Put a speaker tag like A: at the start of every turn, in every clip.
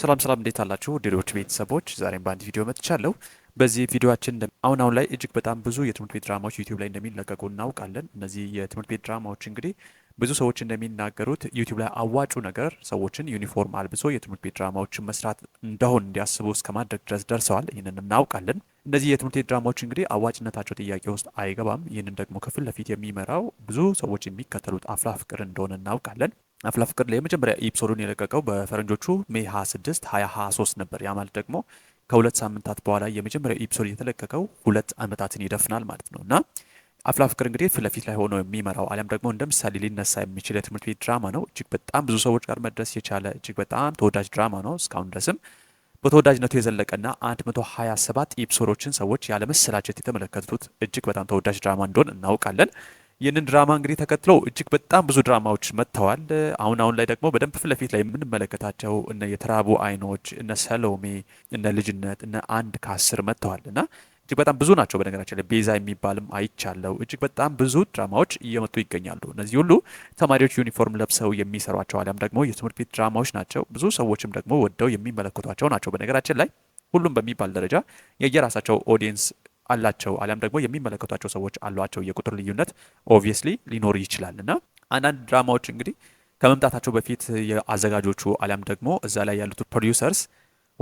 A: ሰላም ሰላም፣ እንዴት አላችሁ ሌሎች ቤተሰቦች? ዛሬም በአንድ ቪዲዮ መጥቻለሁ። በዚህ ቪዲዮችን አሁን አሁን ላይ እጅግ በጣም ብዙ የትምህርት ቤት ድራማዎች ዩቲዩብ ላይ እንደሚለቀቁ እናውቃለን። እነዚህ የትምህርት ቤት ድራማዎች እንግዲህ ብዙ ሰዎች እንደሚናገሩት ዩቲዩብ ላይ አዋጩ ነገር ሰዎችን ዩኒፎርም አልብሶ የትምህርት ቤት ድራማዎችን መስራት እንደሆን እንዲያስቡ እስከ ማድረግ ድረስ ደርሰዋል። ይህንን እናውቃለን። እነዚህ የትምህርት ቤት ድራማዎች እንግዲህ አዋጭነታቸው ጥያቄ ውስጥ አይገባም። ይህንን ደግሞ ከፊት ለፊት የሚመራው ብዙ ሰዎች የሚከተሉት አፍላ ፍቅር እንደሆነ እናውቃለን። አፍላ ፍቅር የመጀመሪያ ኤፒሶዱን የለቀቀው በፈረንጆቹ ሜ 26 2023 ነበር። ያ ማለት ደግሞ ከሁለት ሳምንታት በኋላ የመጀመሪያ ኢፕሶድ የተለቀቀው ሁለት ዓመታትን ይደፍናል ማለት ነው እና አፍላ ፍቅር እንግዲህ ፊት ለፊት ላይ ሆኖ የሚመራው አሊያም ደግሞ እንደ ምሳሌ ሊነሳ የሚችል የትምህርት ቤት ድራማ ነው። እጅግ በጣም ብዙ ሰዎች ጋር መድረስ የቻለ እጅግ በጣም ተወዳጅ ድራማ ነው። እስካሁን ድረስም በተወዳጅነቱ የዘለቀና 127 ኢፕሶዶችን ሰዎች ያለመሰላቸት የተመለከቱት እጅግ በጣም ተወዳጅ ድራማ እንደሆን እናውቃለን። ይህንን ድራማ እንግዲህ ተከትሎ እጅግ በጣም ብዙ ድራማዎች መጥተዋል። አሁን አሁን ላይ ደግሞ በደንብ ፊት ለፊት ላይ የምንመለከታቸው እነ የተራቡ አይኖች፣ እነ ሰሎሜ፣ እነ ልጅነት፣ እነ አንድ ከአስር መጥተዋል እና እጅግ በጣም ብዙ ናቸው። በነገራችን ላይ ቤዛ የሚባልም አይቻለው። እጅግ በጣም ብዙ ድራማዎች እየመጡ ይገኛሉ። እነዚህ ሁሉ ተማሪዎች ዩኒፎርም ለብሰው የሚሰሯቸው አሊያም ደግሞ የትምህርት ቤት ድራማዎች ናቸው። ብዙ ሰዎችም ደግሞ ወደው የሚመለከቷቸው ናቸው። በነገራችን ላይ ሁሉም በሚባል ደረጃ የየራሳቸው ኦዲየንስ አላቸው አሊያም ደግሞ የሚመለከቷቸው ሰዎች አሏቸው የቁጥር ልዩነት ኦብቪየስሊ ሊኖር ይችላል እና አንዳንድ ድራማዎች እንግዲህ ከመምጣታቸው በፊት የአዘጋጆቹ አሊያም ደግሞ እዛ ላይ ያሉት ፕሮዲውሰርስ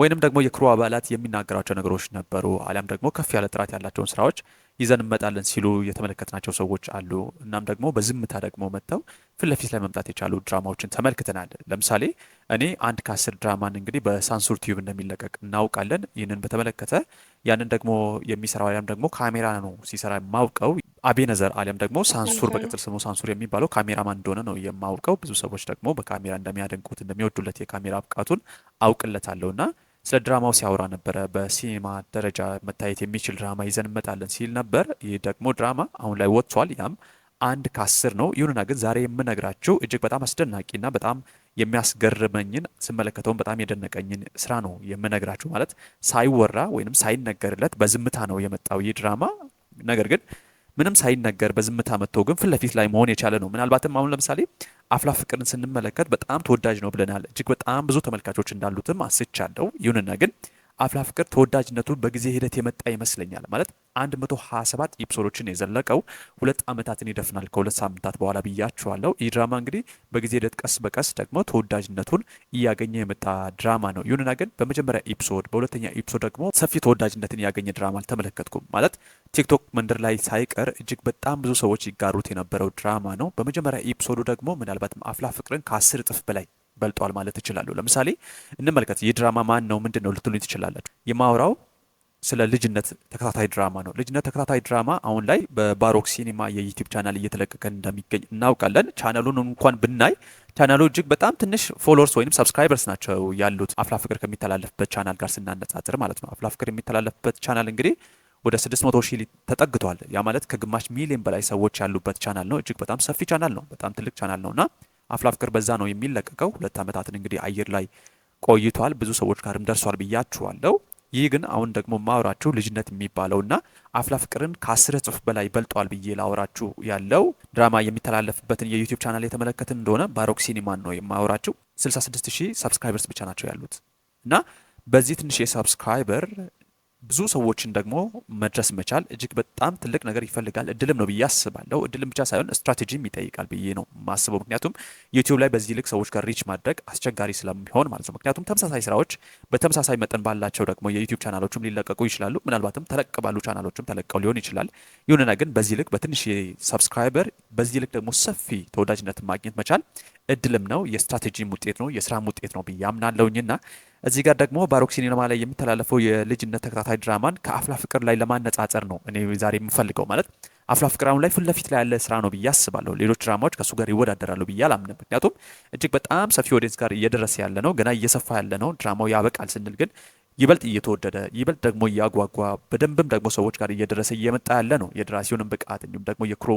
A: ወይንም ደግሞ የክሩ አባላት የሚናገራቸው ነገሮች ነበሩ አሊያም ደግሞ ከፍ ያለ ጥራት ያላቸውን ስራዎች ይዘን እንመጣለን ሲሉ የተመለከትናቸው ሰዎች አሉ። እናም ደግሞ በዝምታ ደግሞ መጥተው ፊት ለፊት ላይ መምጣት የቻሉ ድራማዎችን ተመልክተናል። ለምሳሌ እኔ አንድ ከአስር ድራማን እንግዲህ በሳንሱር ቲዩብ እንደሚለቀቅ እናውቃለን። ይህንን በተመለከተ ያንን ደግሞ የሚሰራው አሊያም ደግሞ ካሜራ ነው ሲሰራ የማውቀው አቤነዘር አሊያም ደግሞ ሳንሱር በቅጥል ስሙ ሳንሱር የሚባለው ካሜራማን እንደሆነ ነው የማውቀው። ብዙ ሰዎች ደግሞ በካሜራ እንደሚያደንቁት እንደሚወዱለት የካሜራ ብቃቱን አውቅለታለሁና ስለ ድራማው ሲያወራ ነበረ። በሲኒማ ደረጃ መታየት የሚችል ድራማ ይዘን እንመጣለን ሲል ነበር። ይህ ደግሞ ድራማ አሁን ላይ ወጥቷል። ያም አንድ ከአስር ነው። ይሁንና ግን ዛሬ የምነግራችሁ እጅግ በጣም አስደናቂና በጣም የሚያስገርመኝን ስመለከተውን በጣም የደነቀኝን ስራ ነው የምነግራችሁ። ማለት ሳይወራ ወይንም ሳይነገርለት በዝምታ ነው የመጣው ይህ ድራማ ነገር ግን ምንም ሳይነገር በዝምታ መጥቶ ግን ፊት ለፊት ላይ መሆን የቻለ ነው። ምናልባትም አሁን ለምሳሌ አፍላ ፍቅርን ስንመለከት በጣም ተወዳጅ ነው ብለናል። እጅግ በጣም ብዙ ተመልካቾች እንዳሉትም አስቻለው። ይሁንና ግን አፍላ ፍቅር ተወዳጅነቱ በጊዜ ሂደት የመጣ ይመስለኛል። ማለት 127 ኤፒሶዶችን የዘለቀው ሁለት ዓመታትን ይደፍናል ከሁለት ሳምንታት በኋላ ብያችኋለሁ። ይህ ድራማ እንግዲህ በጊዜ ሂደት ቀስ በቀስ ደግሞ ተወዳጅነቱን እያገኘ የመጣ ድራማ ነው። ይሁንና ግን በመጀመሪያ ኤፒሶድ፣ በሁለተኛ ኤፒሶድ ደግሞ ሰፊ ተወዳጅነትን ያገኘ ድራማ አልተመለከትኩም። ማለት ቲክቶክ መንደር ላይ ሳይቀር እጅግ በጣም ብዙ ሰዎች ይጋሩት የነበረው ድራማ ነው። በመጀመሪያ ኤፒሶዱ ደግሞ ምናልባትም አፍላ ፍቅርን ከአስር እጥፍ በላይ በልጠዋል ማለት እችላለሁ። ለምሳሌ እንመልከት። ይህ ድራማ ማን ነው ምንድን ነው ልትሉኝ ትችላላችሁ። የማውራው ስለ ልጅነት ተከታታይ ድራማ ነው። ልጅነት ተከታታይ ድራማ አሁን ላይ በባሮክ ሲኒማ የዩቲዩብ ቻናል እየተለቀቀ እንደሚገኝ እናውቃለን። ቻናሉን እንኳን ብናይ ቻናሉ እጅግ በጣም ትንሽ ፎሎወርስ ወይም ሰብስክራይበርስ ናቸው ያሉት አፍላ ፍቅር ከሚተላለፍበት ቻናል ጋር ስናነጻጽር ማለት ነው። አፍላ ፍቅር የሚተላለፍበት ቻናል እንግዲህ ወደ 600 ሺህ ተጠግቷል። ያ ማለት ከግማሽ ሚሊዮን በላይ ሰዎች ያሉበት ቻናል ነው። እጅግ በጣም ሰፊ ቻናል ነው። በጣም ትልቅ ቻናል እና አፍላ ፍቅር በዛ ነው የሚለቀቀው። ሁለት ዓመታትን እንግዲህ አየር ላይ ቆይቷል። ብዙ ሰዎች ጋርም ደርሷል ብያችኋለሁ። ይህ ግን አሁን ደግሞ ማወራችሁ ልጅነት የሚባለውና አፍላ ፍቅርን ከአስር እጥፍ በላይ በልጧል ብዬ ላወራችሁ ያለው ድራማ የሚተላለፍበትን የዩቲዩብ ቻናል የተመለከትን እንደሆነ ባሮክ ሲኒማን ነው የማወራችሁ። 66 ሺህ ሰብስክራይበርስ ብቻ ናቸው ያሉት እና በዚህ ትንሽ የሰብስክራይበር ብዙ ሰዎችን ደግሞ መድረስ መቻል እጅግ በጣም ትልቅ ነገር ይፈልጋል። እድልም ነው ብዬ አስባለሁ። እድልም ብቻ ሳይሆን ስትራቴጂም ይጠይቃል ብዬ ነው ማስበው። ምክንያቱም ዩቲዩብ ላይ በዚህ ልክ ሰዎች ጋር ሪች ማድረግ አስቸጋሪ ስለሚሆን ማለት ነው። ምክንያቱም ተመሳሳይ ስራዎች በተመሳሳይ መጠን ባላቸው ደግሞ የዩቲዩብ ቻናሎችም ሊለቀቁ ይችላሉ። ምናልባትም ተለቅ ባሉ ቻናሎችም ተለቀው ሊሆን ይችላል። ይሁንና ግን በዚህ ልክ በትንሽ ሰብስክራይበር በዚህ ልክ ደግሞ ሰፊ ተወዳጅነት ማግኘት መቻል እድልም ነው፣ የስትራቴጂም ውጤት ነው፣ የስራም ውጤት ነው ብዬ አምናለሁኝና እዚህ ጋር ደግሞ ባሮክ ሲኒማ ላይ የሚተላለፈው የልጅነት ተከታታይ ድራማን ከአፍላ ፍቅር ላይ ለማነጻጸር ነው እኔ ዛሬ የምፈልገው። ማለት አፍላ ፍቅር አሁን ላይ ፊት ለፊት ላይ ያለ ስራ ነው ብዬ አስባለሁ። ሌሎች ድራማዎች ከእሱ ጋር ይወዳደራሉ ብዬ አላምንም። ምክንያቱም እጅግ በጣም ሰፊ ኦዲንስ ጋር እየደረሰ ያለ ነው፣ ገና እየሰፋ ያለ ነው። ድራማው ያበቃል ስንል ግን ይበልጥ እየተወደደ ይበልጥ ደግሞ እያጓጓ በደንብም ደግሞ ሰዎች ጋር እየደረሰ እየመጣ ያለ ነው። የደራሲውንም ብቃት እንዲሁም ደግሞ የክሮ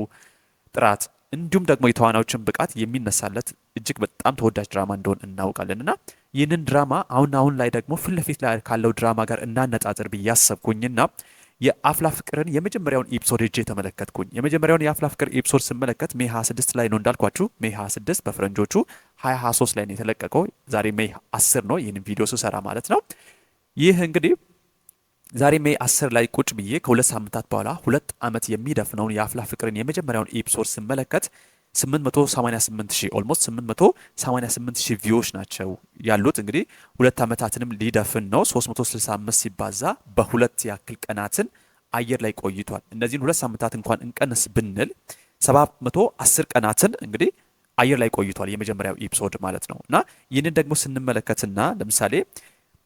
A: ጥራት እንዲሁም ደግሞ የተዋናዮችን ብቃት የሚነሳለት እጅግ በጣም ተወዳጅ ድራማ እንደሆን እናውቃለን እና ይህንን ድራማ አሁን አሁን ላይ ደግሞ ፊት ለፊት ላይ ካለው ድራማ ጋር እናነጻጽር ብዬ አሰብኩኝና የአፍላ ፍቅርን የመጀመሪያውን ኤፒሶድ እጅ የተመለከትኩኝ የመጀመሪያውን የአፍላ ፍቅር ኤፒሶድ ስመለከት ሜ 26 ላይ ነው እንዳልኳችሁ። ሜ 26 በፈረንጆቹ 2023 ላይ ነው የተለቀቀው። ዛሬ ሜ 10 ነው ይህን ቪዲዮ ስሰራ ማለት ነው። ይህ እንግዲህ ዛሬ ሜ 10 ላይ ቁጭ ብዬ ከሁለት ሳምንታት በኋላ ሁለት ዓመት የሚደፍነውን የአፍላ ፍቅርን የመጀመሪያውን ኤፒሶድ ስመለከት 888 ሺህ ኦልሞስት 888 ሺህ ቪዎች ናቸው ያሉት። እንግዲህ ሁለት ዓመታትንም ሊደፍን ነው። 365 ሲባዛ በሁለት ያክል ቀናትን አየር ላይ ቆይቷል። እነዚህን ሁለት ዓመታት እንኳን እንቀንስ ብንል 710 ቀናትን እንግዲህ አየር ላይ ቆይቷል የመጀመሪያው ኤፒሶድ ማለት ነው። እና ይህንን ደግሞ ስንመለከትና ለምሳሌ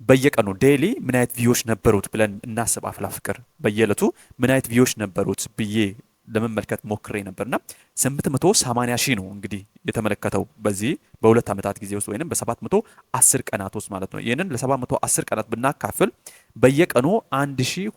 A: በየቀኑ ዴይሊ ምን አይነት ቪዎች ነበሩት ብለን እናስብ። አፍላ ፍቅር በየዕለቱ ምን አይነት ቪዎች ነበሩት ብዬ ለመመልከት ሞክሬ ነበርና ስምንት መቶ ሰማንያ ሺህ ነው እንግዲህ የተመለከተው በዚህ በሁለት ዓመታት ጊዜ ውስጥ ወይም በሰባት 710 አስር ቀናት ውስጥ ማለት ነው። ይህንን ለ710 ቀናት ብናካፍል በየቀኑ አንድ ሺ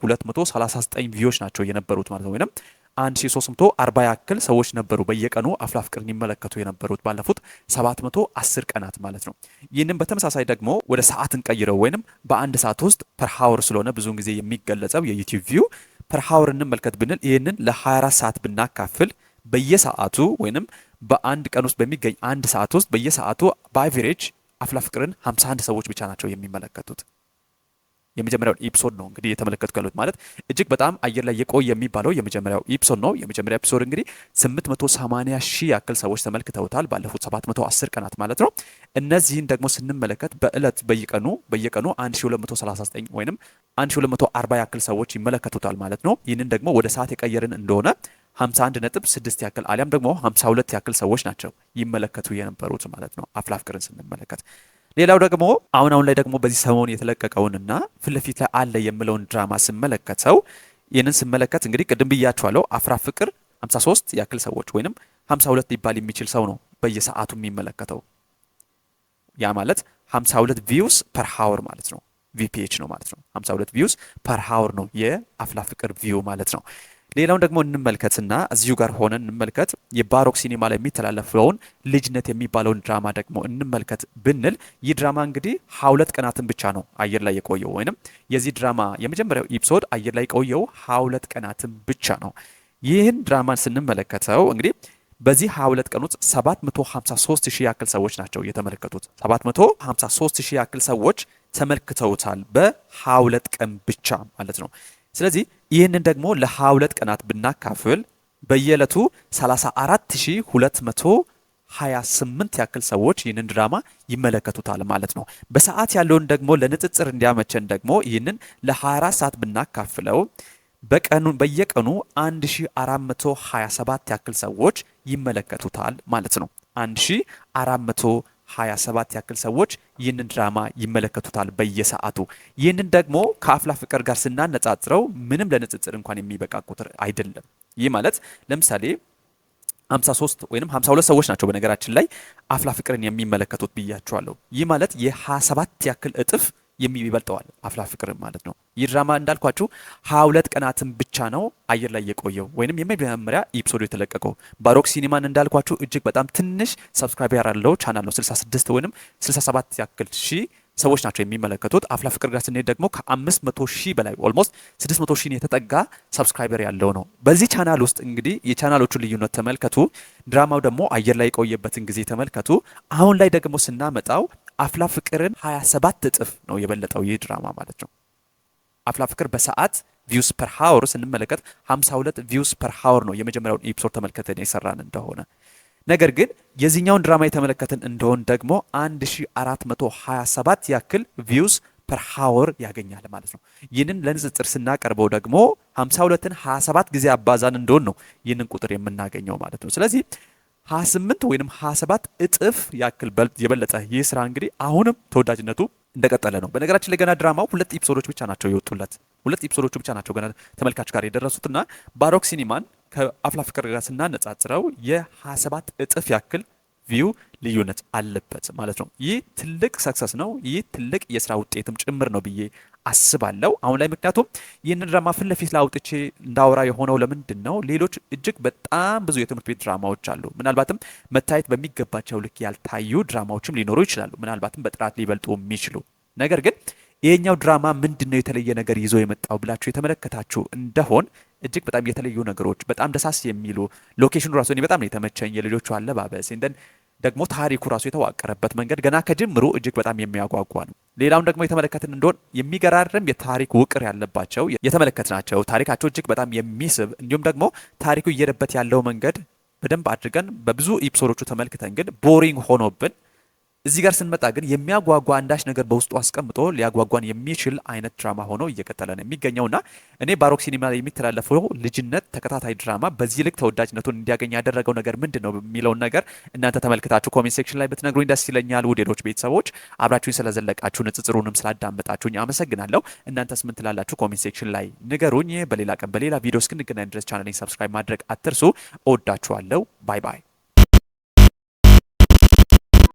A: ቪዎች ናቸው የነበሩት ማለት ነው ወይም 1340 ሺ ያክል ሰዎች ነበሩ በየቀኑ አፍላፍ ቅርን ይመለከቱ የነበሩት ባለፉት ሰባት መቶ አስር ቀናት ማለት ነው። ይህንም በተመሳሳይ ደግሞ ወደ ሰዓት እንቀይረው ወይንም በአንድ ሰዓት ውስጥ ፐርሃወር ስለሆነ ብዙውን ጊዜ የሚገለጸው የዩቲዩብ ቪው ፐርሃወር እንመልከት ብንል ይህንን ለ24 ሰዓት ብናካፍል በየሰዓቱ ወይም በአንድ ቀን ውስጥ በሚገኝ አንድ ሰዓት ውስጥ በየሰዓቱ በአቨሬጅ አፍላ ፍቅርን 51 ሰዎች ብቻ ናቸው የሚመለከቱት። የመጀመሪያውን ኢፕሶድ ነው እንግዲህ የተመለከቱ ያሉት ማለት እጅግ በጣም አየር ላይ የቆየ የሚባለው የመጀመሪያው ኢፕሶድ ነው። የመጀመሪያ ኢፕሶድ እንግዲህ 880 ሺህ ያክል ሰዎች ተመልክተውታል ባለፉት 710 ቀናት ማለት ነው። እነዚህን ደግሞ ስንመለከት በእለት በየቀኑ በየቀኑ 1239 ወይም 1240 ያክል ሰዎች ይመለከቱታል ማለት ነው። ይህንን ደግሞ ወደ ሰዓት የቀየርን እንደሆነ 51 ነጥብ 6 ያክል አሊያም ደግሞ 52 ያክል ሰዎች ናቸው ይመለከቱ የነበሩት ማለት ነው። አፍላ ስንመለከት ሌላው ደግሞ አሁን አሁን ላይ ደግሞ በዚህ ሰሞን የተለቀቀውንና ፊት ለፊት ላይ አለ የምለውን ድራማ ስመለከተው ይህንን ስመለከት እንግዲህ ቅድም ብያችኋለሁ አፍራ ፍቅር 53 ያክል ሰዎች ወይም 52 ሊባል የሚችል ሰው ነው በየሰዓቱ የሚመለከተው። ያ ማለት 52 ቪውስ ፐር ሃወር ማለት ነው። ቪፒኤች ነው ማለት ነው። 52 ቪውስ ፐር ሃወር ነው የአፍላ ፍቅር ቪው ማለት ነው። ሌላውን ደግሞ እንመልከትና እዚሁ ጋር ሆነን እንመልከት። የባሮክ ሲኒማ ላይ የሚተላለፈውን ልጅነት የሚባለውን ድራማ ደግሞ እንመልከት ብንል ይህ ድራማ እንግዲህ ሀያ ሁለት ቀናትን ብቻ ነው አየር ላይ የቆየው ወይም የዚህ ድራማ የመጀመሪያው ኢፕሶድ አየር ላይ የቆየው ሀያ ሁለት ቀናትን ብቻ ነው። ይህን ድራማን ስንመለከተው እንግዲህ በዚህ 22 ቀን ውስጥ 753 ሺህ ያክል ሰዎች ናቸው የተመለከቱት። 753 ሺህ ያክል ሰዎች ተመልክተውታል በ22 ቀን ብቻ ማለት ነው። ስለዚህ ይህንን ደግሞ ለ22 ቀናት ብናካፍል በየዕለቱ 34228 ያክል ሰዎች ይህንን ድራማ ይመለከቱታል ማለት ነው። በሰዓት ያለውን ደግሞ ለንጽጽር እንዲያመቸን ደግሞ ይህንን ለ24 ሰዓት ብናካፍለው በቀኑ በየቀኑ 1427 ያክል ሰዎች ይመለከቱታል ማለት ነው። 27 ያክል ሰዎች ይህንን ድራማ ይመለከቱታል በየሰዓቱ። ይህንን ደግሞ ከአፍላ ፍቅር ጋር ስናነጻጽረው ምንም ለንጽጽር እንኳን የሚበቃ ቁጥር አይደለም። ይህ ማለት ለምሳሌ 53 ወይም 52 ሰዎች ናቸው በነገራችን ላይ አፍላ ፍቅርን የሚመለከቱት ብያቸዋለሁ። ይህ ማለት የ27 ያክል እጥፍ የሚበልጠዋል አፍላ ፍቅር ማለት ነው። ይህ ድራማ እንዳልኳችሁ ሀያ ሁለት ቀናትን ብቻ ነው አየር ላይ የቆየው ወይም የመጀመሪያ ኢፕሶዶ የተለቀቀው። ባሮክ ሲኒማን እንዳልኳችሁ እጅግ በጣም ትንሽ ሰብስክራይብ ያለው ቻናል ነው። 66 ወይም 67 ያክል ሺህ ሰዎች ናቸው የሚመለከቱት። አፍላ ፍቅር ጋር ስንሄድ ደግሞ ከ500 ሺህ በላይ ኦልሞስት 600 ሺህ የተጠጋ ሰብስክራይበር ያለው ነው። በዚህ ቻናል ውስጥ እንግዲህ የቻናሎቹ ልዩነት ተመልከቱ። ድራማው ደግሞ አየር ላይ የቆየበትን ጊዜ ተመልከቱ። አሁን ላይ ደግሞ ስናመጣው አፍላ ፍቅርን 27 እጥፍ ነው የበለጠው ይህ ድራማ ማለት ነው። አፍላ ፍቅር በሰዓት ቪውስ ፐር ሃወር ስንመለከት 52 ቪውስ ፐር ሃወር ነው የመጀመሪያውን ኤፒሶድ ተመልከተን የሰራን እንደሆነ ነገር ግን የዚህኛውን ድራማ የተመለከትን እንደሆን ደግሞ 1427 ያክል ቪውስ ፐር ሃወር ያገኛል ማለት ነው። ይህንን ለንጽጽር ስናቀርበው ደግሞ 52ን 27 ጊዜ አባዛን እንደሆን ነው ይህንን ቁጥር የምናገኘው ማለት ነው። ስለዚህ 28 ወይም 27 እጥፍ ያክል የበለጠ ይህ ስራ እንግዲህ አሁንም ተወዳጅነቱ እንደቀጠለ ነው። በነገራችን ላይ ገና ድራማው ሁለት ኤፒሶዶች ብቻ ናቸው የወጡለት። ሁለት ኤፒሶዶቹ ብቻ ናቸው ገና ተመልካች ጋር የደረሱትና ባሮክ ሲኒማን ከአፍላ ፍቅር ጋር ስናነጻጽረው የ27 እጥፍ ያክል ቪው ልዩነት አለበት ማለት ነው። ይህ ትልቅ ሰክሰስ ነው። ይህ ትልቅ የስራ ውጤትም ጭምር ነው ብዬ አስባለሁ አሁን ላይ። ምክንያቱም ይህንን ድራማ ፊት ለፊት ላውጥቼ እንዳወራ የሆነው ለምንድን ነው? ሌሎች እጅግ በጣም ብዙ የትምህርት ቤት ድራማዎች አሉ። ምናልባትም መታየት በሚገባቸው ልክ ያልታዩ ድራማዎችም ሊኖሩ ይችላሉ። ምናልባትም በጥራት ሊበልጡ የሚችሉ ነገር ግን ይሄኛው ድራማ ምንድን ነው የተለየ ነገር ይዞ የመጣው ብላችሁ የተመለከታችሁ እንደሆን እጅግ በጣም የተለዩ ነገሮች በጣም ደሳስ የሚሉ ሎኬሽኑ ራሱ እኔ በጣም ነው የተመቸኝ። የልጆቹ አለባበስ እንደን ደግሞ ታሪኩ ራሱ የተዋቀረበት መንገድ ገና ከጅምሩ እጅግ በጣም የሚያጓጓ ነው። ሌላውን ደግሞ የተመለከትን እንደሆን የሚገራርም የታሪክ ውቅር ያለባቸው የተመለከት ናቸው። ታሪካቸው እጅግ በጣም የሚስብ እንዲሁም ደግሞ ታሪኩ እየሄደበት ያለው መንገድ በደንብ አድርገን በብዙ ኢፕሶዶቹ ተመልክተን ግን ቦሪንግ ሆኖብን እዚህ ጋር ስንመጣ ግን የሚያጓጓ አንዳች ነገር በውስጡ አስቀምጦ ሊያጓጓን የሚችል አይነት ድራማ ሆኖ እየቀጠለ ነው የሚገኘውና እኔ ባሮክ ሲኒማ የሚተላለፈው ልጅነት ተከታታይ ድራማ በዚህ ልክ ተወዳጅነቱን እንዲያገኝ ያደረገው ነገር ምንድን ነው የሚለውን ነገር እናንተ ተመልክታችሁ ኮሜንት ሴክሽን ላይ ብትነግሩኝ ደስ ይለኛል። ውዴዶች ቤተሰቦች አብራችሁኝ ስለዘለቃችሁ ንጽጽሩንም ስላዳመጣችሁኝ አመሰግናለሁ። እናንተስ ምን ትላላችሁ? ኮሜንት ሴክሽን ላይ ንገሩኝ። በሌላ ቀን በሌላ ቪዲዮ እስክንገናኝ ድረስ ቻናሌን ሰብስክራይብ ማድረግ አትርሱ። እወዳችኋለሁ። ባይ ባይ።